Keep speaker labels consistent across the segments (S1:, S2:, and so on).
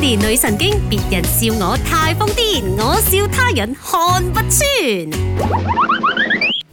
S1: 女神經，別人笑我太瘋癲，我笑他人看不穿。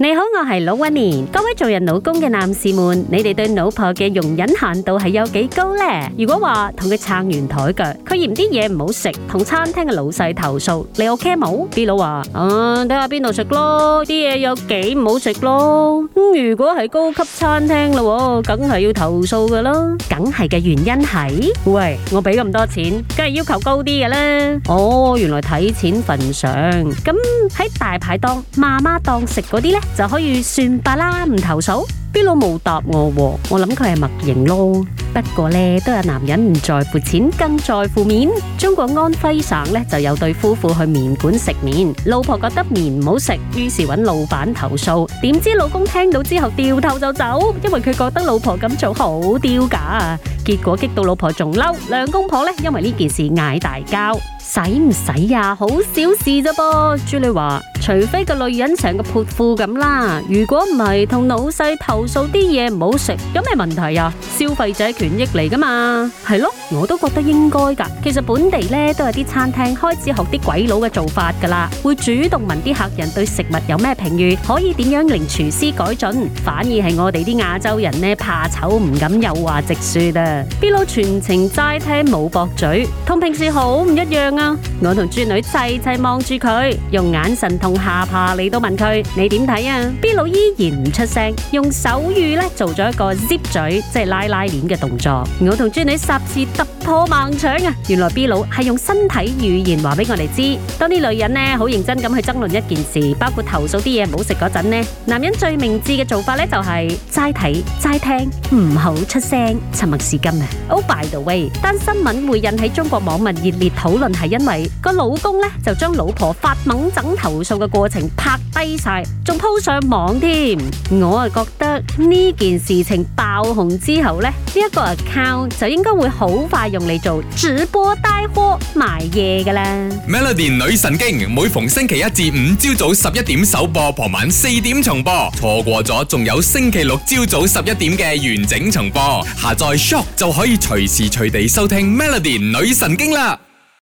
S1: 你好，我係老溫年。各位做人老公嘅男士們，你哋對老婆嘅容忍限度係有幾高呢？如果話同佢撐完台腳，佢嫌啲嘢唔好食，同餐廳嘅老細投訴，你 ok 冇？B 佬話，啊，睇下邊度食咯，啲嘢有幾唔好食咯、嗯。如果係高級餐廳啦，梗係要投訴噶啦，梗係嘅原因係，喂，我俾咁多錢，梗係要求高啲噶啦。哦，原來睇錢份上，咁喺大排檔、媽媽檔食嗰啲咧？就可以算罷啦，唔投訴。邊老無答我啊？我諗佢係默認咯。不過呢，都有男人唔在乎錢，更在乎面。中國安徽省呢就有對夫婦去麵館食麵，老婆覺得麵唔好食，於是揾老闆投訴。點知老公聽到之後掉頭就走，因為佢覺得老婆咁做好丟架啊。結果激到老婆仲嬲，兩公婆呢因為呢件事嗌大交。使唔使啊？好小事啫噃。朱莉話，除非個女人成個潑婦咁啦。如果唔係，同老細投訴啲嘢唔好食，有咩問題啊？消費者權益嚟噶嘛。係咯，我都覺得應該噶。其實本地呢都有啲餐廳開始學啲鬼佬嘅做法噶啦，會主動問啲客人對食物有咩評語，可以點樣令廚師改進。反而係我哋啲亞洲人呢怕醜唔敢有話直說啦。Bill 全程齋聽冇駁嘴，同平時好唔一樣。我同豬女齊齊望住佢，用眼神同下巴，你都問佢，你點睇啊？B 佬依然唔出聲，用手語咧做咗一個 zip 嘴，即係拉拉鏈嘅動作。我同豬女十次突破盲腸啊！原來 B 佬係用身體語言話俾我哋知，當啲女人咧，好認真咁去爭論一件事，包括投訴啲嘢唔好食嗰陣咧，男人最明智嘅做法咧，就係齋睇齋聽，唔好出聲，沉默是金啊。Oh by the way，單新聞會引起中國網民熱烈討論係。因為個老公咧就將老婆發矇震投訴嘅過程拍低晒，仲鋪上網添。我啊覺得呢件事情爆紅之後呢，呢、這、一個 account 就應該會好快用嚟做主播帶貨賣嘢噶啦。Melody 女神經每逢星期一至五朝早十一點首播，傍晚四點重播，錯過咗仲有星期六朝早十一點嘅完整重播。下載 Shock 就可以隨時隨地收聽 Melody 女神經啦。